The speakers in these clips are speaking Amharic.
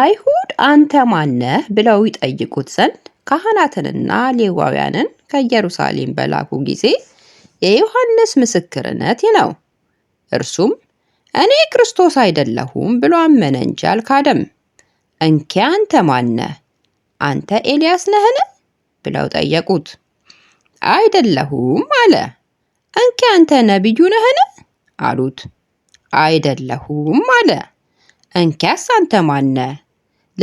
አይሁድ አንተ ማነህ ብለው ይጠይቁት ዘንድ ካህናትንና ሌዋውያንን ከኢየሩሳሌም በላኩ ጊዜ የዮሐንስ ምስክርነት ነው። እርሱም እኔ ክርስቶስ አይደለሁም ብሎ አመነ እንጂ አልካደም። እንኪ አንተ ማነህ? አንተ ኤልያስ ነህን? ብለው ጠየቁት። አይደለሁም አለ። እንኪ አንተ ነቢዩ ነህን? አሉት። አይደለሁም አለ። እንኪያስ አንተ ማነህ?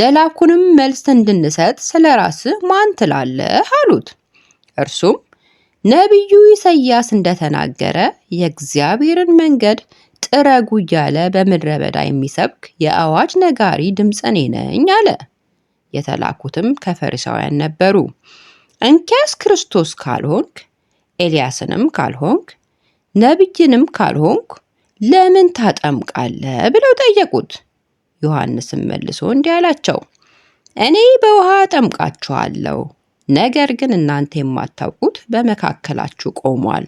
ለላኩንም መልስ እንድንሰጥ ስለ ራስ ማን ትላለህ አሉት። እርሱም ነቢዩ ኢሳይያስ እንደተናገረ የእግዚአብሔርን መንገድ ጥረጉ እያለ በምድረ በዳ የሚሰብክ የአዋጅ ነጋሪ ድምፅ እኔ ነኝ አለ። የተላኩትም ከፈሪሳውያን ነበሩ። እንኪያስ ክርስቶስ ካልሆንክ፣ ኤልያስንም ካልሆንክ፣ ነቢይንም ካልሆንክ ለምን ታጠምቃለ? ብለው ጠየቁት። ዮሐንስም መልሶ እንዲህ አላቸው፣ እኔ በውሃ አጠምቃችኋለሁ፣ ነገር ግን እናንተ የማታውቁት በመካከላችሁ ቆሟል።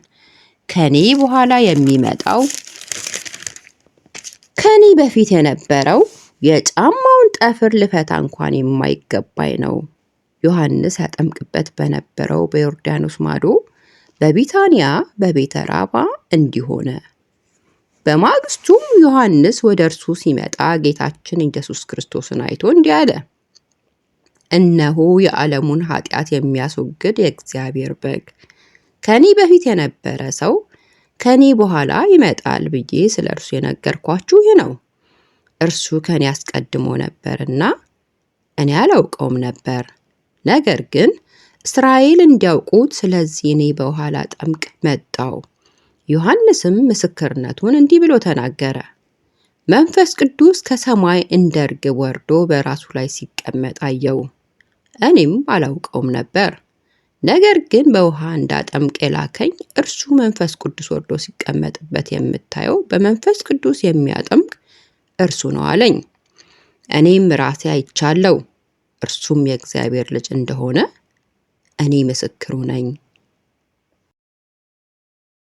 ከኔ በኋላ የሚመጣው ከኔ በፊት የነበረው የጫማውን ጠፍር ልፈታ እንኳን የማይገባኝ ነው። ዮሐንስ ያጠምቅበት በነበረው በዮርዳኖስ ማዶ በቢታንያ በቤተ ራባ እንዲሆነ በማግስቱም ዮሐንስ ወደ እርሱ ሲመጣ ጌታችን ኢየሱስ ክርስቶስን አይቶ እንዲህ አለ፣ እነሆ የዓለሙን ኃጢአት የሚያስወግድ የእግዚአብሔር በግ። ከኔ በፊት የነበረ ሰው ከኔ በኋላ ይመጣል ብዬ ስለ እርሱ የነገርኳችሁ ይህ ነው። እርሱ ከኔ አስቀድሞ ነበርና እኔ አላውቀውም ነበር። ነገር ግን እስራኤል እንዲያውቁት ስለዚህ እኔ በኋላ ጠምቅ መጣው ዮሐንስም ምስክርነቱን እንዲህ ብሎ ተናገረ። መንፈስ ቅዱስ ከሰማይ እንደ ርግብ ወርዶ በራሱ ላይ ሲቀመጥ አየው። እኔም አላውቀውም ነበር። ነገር ግን በውሃ እንዳጠምቅ የላከኝ እርሱ መንፈስ ቅዱስ ወርዶ ሲቀመጥበት የምታየው በመንፈስ ቅዱስ የሚያጠምቅ እርሱ ነው አለኝ። እኔም ራሴ አይቻለሁ፣ እርሱም የእግዚአብሔር ልጅ እንደሆነ እኔ ምስክሩ ነኝ